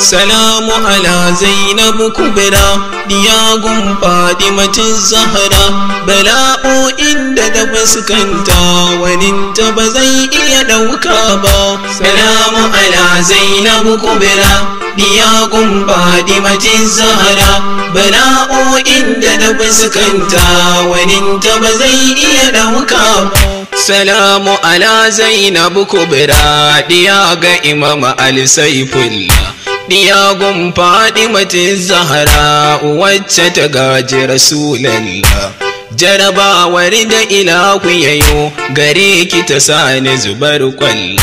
salamu ala zainabu kubra diyagun fadimatin zahara bala'o'in da ta fuskanta waninta ba zai iya ɗauka ba salamu ala zainabu kubra diyagun fadimatin zahara bala'o'in da ta fuskanta waninta ba zai iya ɗauka ba salamu ala zainabu kubra diya ga imama al-saifullah diyagun mace zahara wacce ta gaji rasulallah jarabawar da ilahu yayo gare ki ta sani zubar kwalla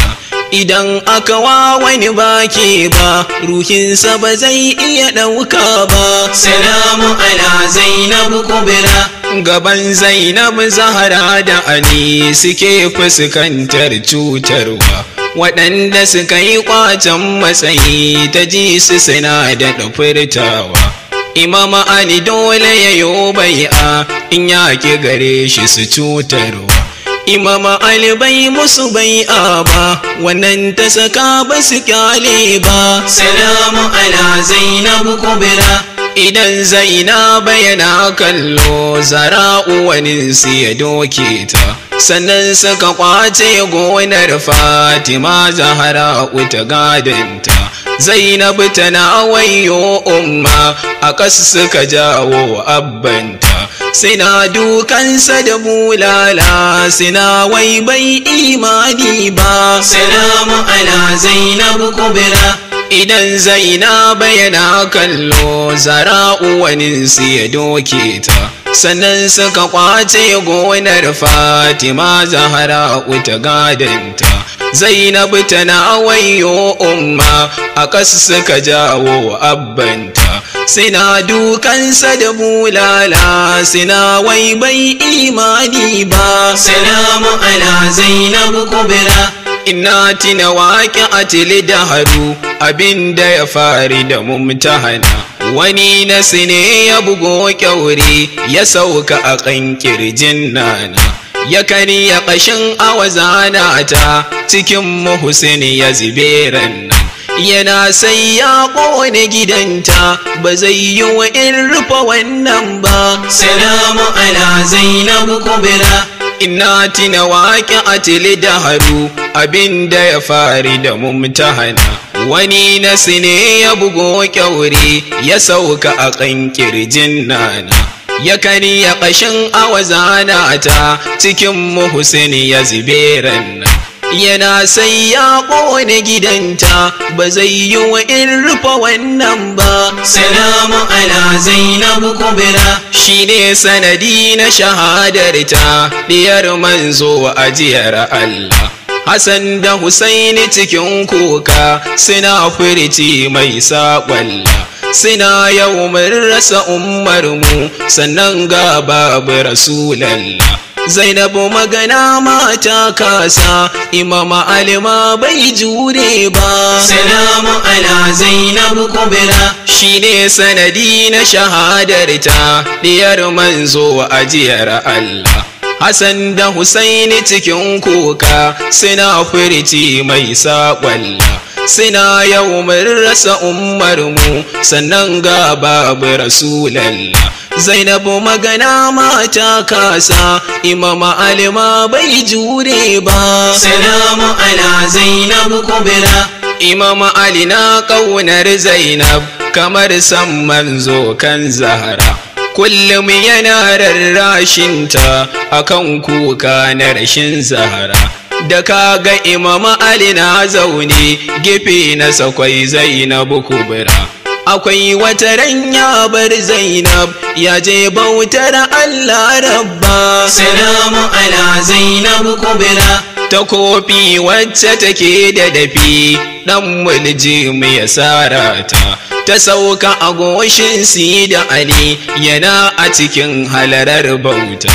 idan aka wa wani baki ba ruhinsa ba zai iya ɗauka ba salamu ala zainabu kubra gaban Zainabu zahara da ani suke fuskantar cutarwa waɗanda suka yi ƙwacen matsayi ta ji su suna da furtawa imama ali dole ya yi bai'a in ya gare shi su cutarwa imama ali bai musu bai'a ba wannan ta saka ba su kyale ba salamu ala zainabu kubra idan zainabu yana kallo zara'u wani ya doke ta sannan suka kwace gonar fatima zahara wuta gadinta zainabu tana wayo umma a ƙasa suka jawo abbanta suna dukansa da bulala suna wai bai imani ba salamu ala zainabu kubra idan zainaba yana kallo zara uwaninsu ya doke ta sannan suka kwace gonar fatima zahara ta gadanta zainabu tana wayo umma a ƙasa suka jawo abbanta suna dukansa da bulala suna wai bai imani ba salamu ala zainabu kubra ina tina waƙe a haru abinda ya fari da mumtahana wani na sine ya bugo ƙyaure, ya sauka a kan kirjin nana ya karya ƙashin zana ta cikin mahusin ya zube nan yana sai ya ƙone gidanta ba zai yi wa in rufe wannan ba salamu ala Zainab kubra ina tina waƙi a tilidaharu abinda ya fari da mumtahana wani nasi ne ya bugo kyauri ya sauka a kan nana ya karya ƙashin awazana ta cikin muhusini ya zube na. yana sai ya ƙone gidanta ba zai yi wa in rufe wannan ba salamu ala zainabu kubra ne sanadi na shahadarta diyar manzo wa ajiyar Allah Hassan da Husaini cikin kuka suna furici mai saƙwalla suna yau mun rasa ummarmu sannan ga babu rasulallah zainabu magana mata kasa imama alima bai jure ba salamu ala zainabu kubra shine sanadi na shahadarta diyar manzo wa ajiyar allah hassan da husaini cikin kuka suna furci mai saƙwalla suna yau mun rasa ummarmu sannan ga babu rasulallah zainabu magana mata kasa imama alima bai jure ba salamu ala zainabu kubra imama alina kaunar zainab kamar san manzo kan zahara kullum yana rarrashinta akan kuka na rashin zahara da ka ga imama ali na zaune gefe na sakwai zainabu kubra akwai wata ranya bar zainab ya je bautar allah rabba salamu ala zainab kubra ta kofi wacce take da dafi dan mulji mai ta. ta sauka a goshin da ali yana a cikin halarar bauta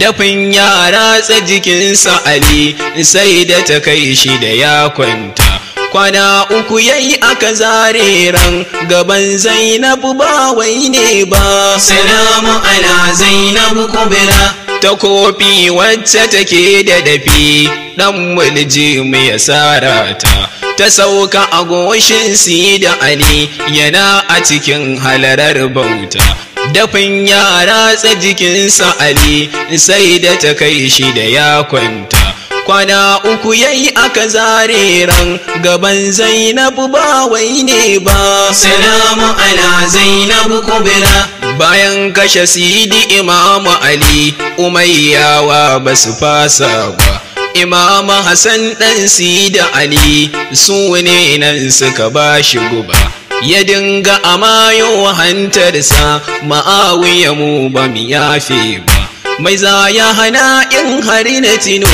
dafin ya ratsa jikinsa ali sai da ta kai shi da ya kwanta kwana uku yayi aka zare ran gaban zainabu ba wai ne ba salamu ala zainabu kubra ta kofi wacce take da dafi dan mulji mai sarata ta sauka a goshin da ali yana a cikin halarar bauta dafin yara ratsa jikinsa ali sai da ta kai shi da ya kwanta kwana uku yayi aka zare ran gaban zainabu ba wai ne ba salamu ala zainabu kubra bayan kashe sidi imamu ali umayyawa ba su fasa ba imama hassan ɗan da ali su ne nan suka ba shi guba ya dinga amayo hantarsa ma'awiya mu ba mu yafe ba mai za ya hana in hari na tino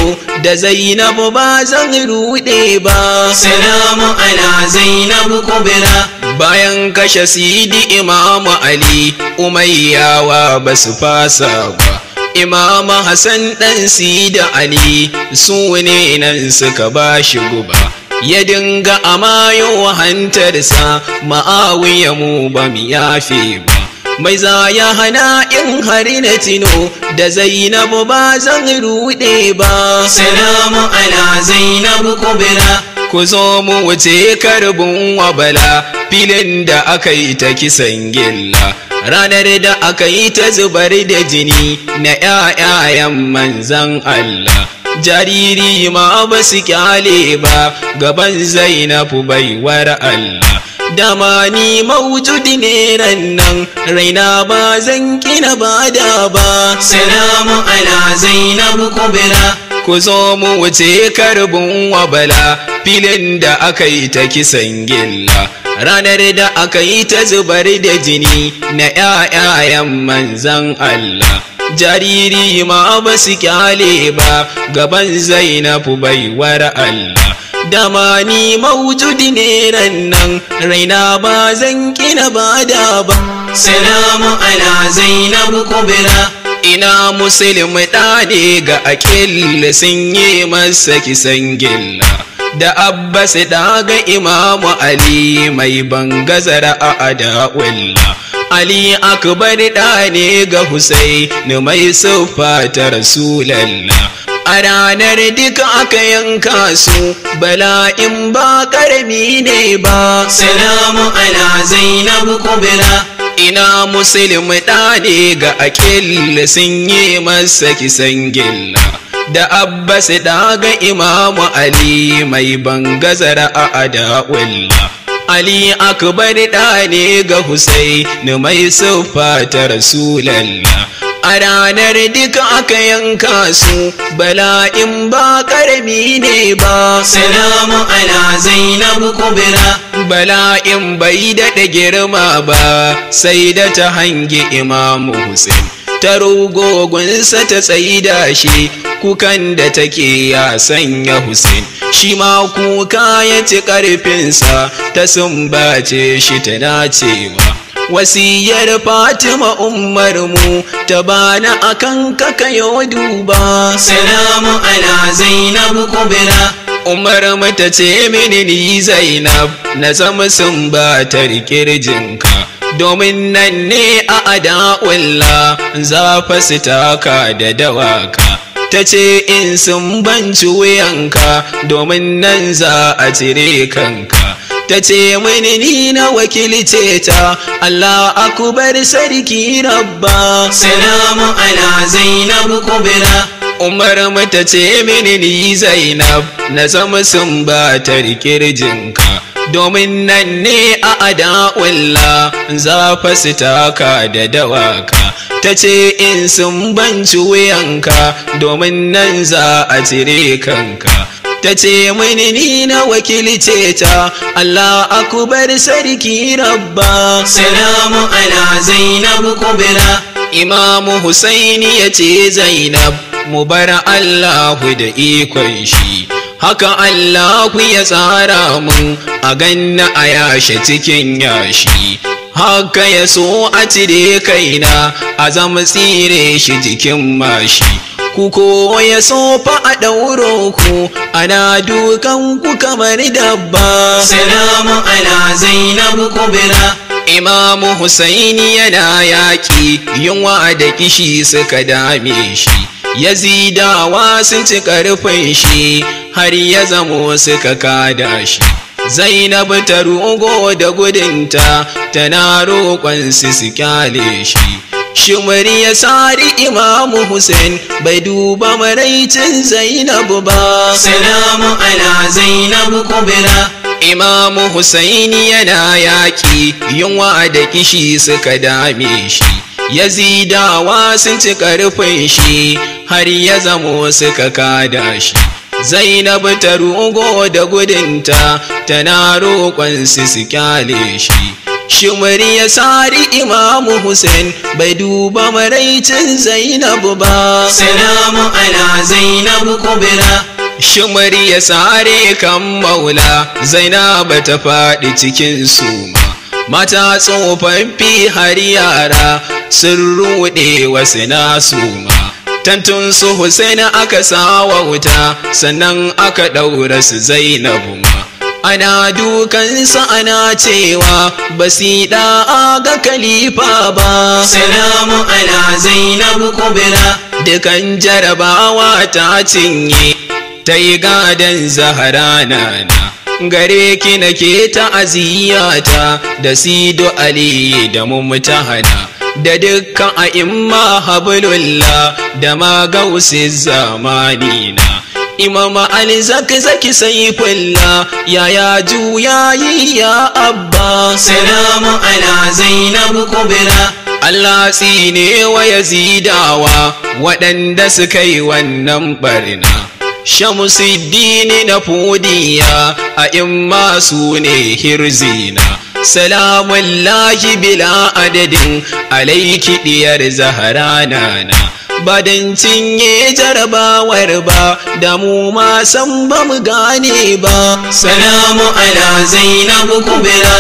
da zainabu ba zan ruɗe ba salamu ala zainabu kubra bayan kashe sidi imamu ali umayyawa ba su fasa ba imam hassan ɗan da ali su ne nan suka ba shi guba ya dinga amayo hantarsa ma'awiya mu ba mu yafe ba mai za ya hana in hari na tino da zainabu ba zan ruɗe ba salamu ala zainabu kubra ku zo mu wuce karbin wabala filin da aka yi ta kisan gilla ranar da aka yi ta zubar da jini na ƴaƴayen manzan Allah jariri ma ba su kyale ba gaban zainabu war Allah dama ni maujudi ne nan raina ba zan kina bada ba salamu ala zainabu kubra ku zo mu wuce karbin wabala filin da aka yi ta kisan gilla ranar da aka yi ta zubar da jini na 'ya'yayan manzan Allah jariri ma ba su kyale ba gaban zainabu baiwar Allah dama ni maujudi ne nan raina ba zan kina ba da ba salamu ala zainabu kubra ina musulmi ne ga akil sun yi masa kisan gilla da abbas ɗaga imamu ali mai bangazara a adawilla ali akbar ne ga Hussaini mai siffa ta rasulallah a ranar duka aka yanka su bala'in ba karami ne ba salamu ala zainab kubra ina musulmi ne ga akil sun yi masa kisan gilla da abbas ga imamu ali mai bangazar a adawulla ali akbar ne ga husaini mai siffa ta rasulallah a ranar duka aka yanka su bala'in ba ƙarami ne ba salamu ala zainabu kubra bala'in bai daɗa girma ba sai da ta hangi imamu hussein ta rugogunsa ta tsaida shi kukan da take ya sanya Hussein shi ma kuka ya ci ƙarfinsa ta sumbace shi ta cewa wasiyar fatima umar mu ta bana akan kaka yau duba salamu ala zainab kubra umar mata ce mini ni zainab na zama sun ba ta jinka domin nan ne a ada'ulla za su taka da dawaka ta ce in sun banci wuyanka domin nan za a cire kanka ta ce mini ni na wakilce ta Allah akubar sarki rabba salamu ala zainab kubra umar mata ce mini ni zainab na zama sun ba ta rikirjinka domin nan ne a ada'ulla za su taka da dawaka ta ce in sun banci wuyanka domin nan za a cire kanka ta ce mini ni na wakilce ta Allah akubar sarki rabba salamu ala zainab kubra imamu husaini ya ce zainab mu bar Allahu da ikon shi haka Allahu ya tsara mu a ganna a yashe cikin yashi haka ya so a cire kaina a zama tsire shi jikin mashi ku ko ya so fa a ɗauro ku ana dukan ku kamar dabba salamu ala zainab kubra imamu husaini yana yaƙi yunwa da kishi suka dame shi yazidawa sun ci ƙarfin shi har ya zamo suka kada shi zainab ta rugo da gudunta tana roƙon su su kyale shi shimari ya sari imamu hussein bai duba maraicin zainabu ba salamu ala zainabu kubra imamu yana yaƙi yunwa da kishi suka dame shi yazidawa sun ci ƙarfin shi har ya zamo suka kada shi zainabu ta rugo da gudunta tana roƙon su su kyale shi Shimri ya sari imamu Hussein bai duba maraicin Zainabu ba. Salamu ala Zainabu kubira. Shimri ya sare kan maula Zainabu ta faɗi cikin suma. Mata tsofaffi har yara sun ruɗe wasu na suma. Tantun su Hussein aka sawa wuta sannan aka ɗaura su Zainabu ana dukansa ana cewa basida ga kalifa ba salamu ala zainab kubra dukan jarabawa ta cinye ta yi gadon zahara nana gare ki nake ta aziyata da sido ali da mumtahana da dukkan a'imma hablullah da magausi zamanina imama ali zaki zaki sai kwalla ya ya juya yi ya abba salamu ala zainabu kubra Allah tsine wa yazidawa waɗanda suka yi wannan barna shamusiddini na fudiya a in masu ne hirzina salamun lahi bila adadin alaiki diyar zahara nana ba cinye jarabawar ba da mu ma san ba mu gane ba salamu ala zainabu kubra